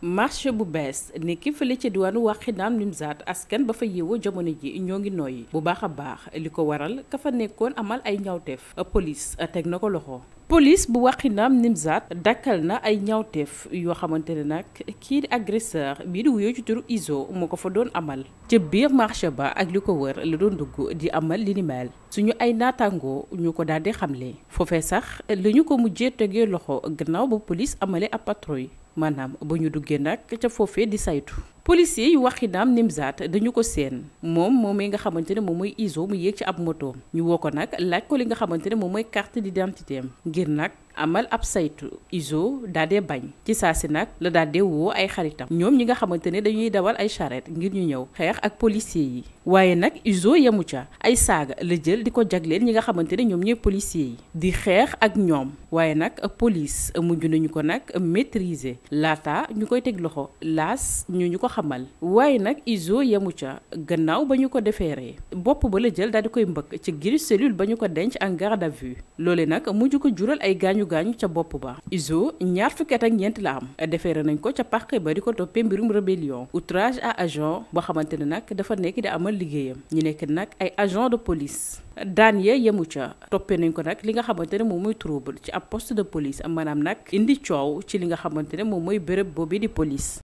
marché bu bees nekki fële ci diwaanu Wakhinane Nimzatt askan ba fa yeewoo jamono ji ñoo ngi nooyi bu baax a baax li ko waral ka fa nekkoon amal ay ñawteef police teg na ko loxo. police bu Wakhinane Nimzatt dakkal na ay ñawteef yoo xamante ne nag kii di agresseur bii di wuyoo ci turu Izo moo ko fa doon amal ca biir marché ba ak li ko wër la doon dugg di amal li ni mel suñu ay naataangoo ñu ko daal di xamle foofee sax la ko mujjee tegee loxo gannaaw ba police amalee ab patrouille. maanaam ba ñu duggee nag ca foofee di saytu. policier yu wax xidam Nimzaat dañu ko seen moom moom mi nga xamante ne moom mooy ISO mu yéeg ci ab moto ñu woo ko nag laaj ko li nga xamante ne moom mooy carte d'identité am ngir nag amal ab saytu ISO daal dee bañ ci saa si nag la daal dee woo ay xaritam ñoom ñi nga xamante ne dañuy dawal ay charrette ngir ñu ñëw xeex ak policier yi waaye nag ISO yemu ca ay saaga la jël di ko jagleel ñi nga xamante ne ñoom ñooy policier yi di xeex ak ñoom waaye nag police mujj nañu ko nag maîtriser laata ñu koy teg xamal waaye nag iso yemu ca gannaaw ba ñu ko defeeree bopp ba la jël daal di koy mbëkk ci giri cellule ba ñu ko denc en garde à vue loole nag mujj ko jural ay gaañu gaañu ca bopp ba iso ñaar fukki at ak ñeent la am defeere nañ ko ca parquet ba di ko toppee mbirum rébellion outrage à agent boo xamante ne nag dafa nekk di amal liggéeyam ñu nekk nag ay agent de police daan ya yemu ca toppee nañ ko nag li nga xamante ne moom mooy trouble ci ab poste de police maanaam nag indi ci li nga xamante ne moom mooy béréb boobu di police